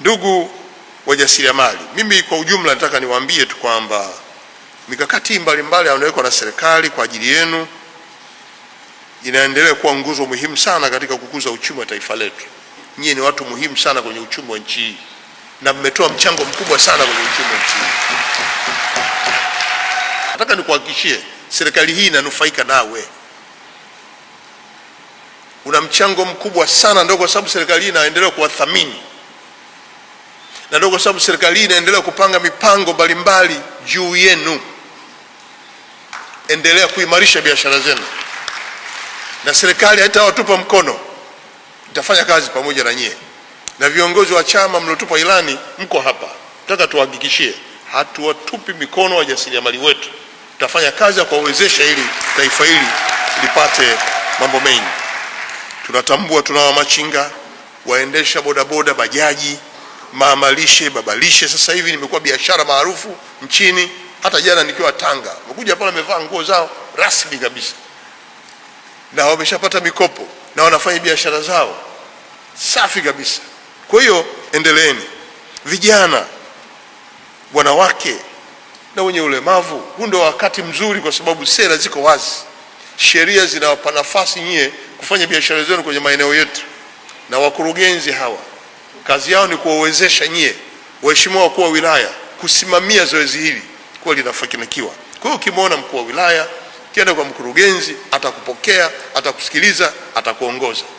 Ndugu wajasiriamali, mimi kwa ujumla nataka niwaambie tu kwamba mikakati mbalimbali inayowekwa na serikali kwa ajili yenu inaendelea kuwa nguzo muhimu sana katika kukuza uchumi wa taifa letu. Nyie ni watu muhimu sana kwenye uchumi wa nchi hii na mmetoa mchango mkubwa sana kwenye uchumi wa nchi hii. Nataka nikuhakikishie, serikali hii inanufaika nawe. Una mchango mkubwa sana ndio, kwa sababu serikali hii inaendelea kuwathamini na ndio kwa sababu serikali inaendelea kupanga mipango mbalimbali juu yenu. Endelea kuimarisha biashara zenu, na serikali haitawatupa mkono, itafanya kazi pamoja na nyie. Na viongozi wa chama mliotupa ilani, mko hapa, nataka tuhakikishie hatuwatupi mikono wajasiriamali wetu. Tutafanya kazi ya kuwawezesha ili taifa hili lipate mambo mengi. Tunatambua tunao machinga, waendesha bodaboda, bajaji mama lishe, baba lishe, sasa hivi nimekuwa biashara maarufu nchini. Hata jana nikiwa Tanga, wamekuja pale wamevaa nguo zao rasmi kabisa na wameshapata mikopo na wanafanya biashara zao safi kabisa. Kwa hiyo endeleeni, vijana, wanawake na wenye ulemavu, huu ndio wakati mzuri, kwa sababu sera ziko wazi, sheria zinawapa nafasi nyie kufanya biashara zenu kwenye maeneo yetu, na wakurugenzi hawa Kazi yao ni kuwawezesha nyie waheshimiwa wakuu wa wilaya kusimamia zoezi hili kuwa linafanikiwa. Kwa hiyo ukimwona mkuu wa wilaya, ukienda kwa mkurugenzi, atakupokea, atakusikiliza, atakuongoza.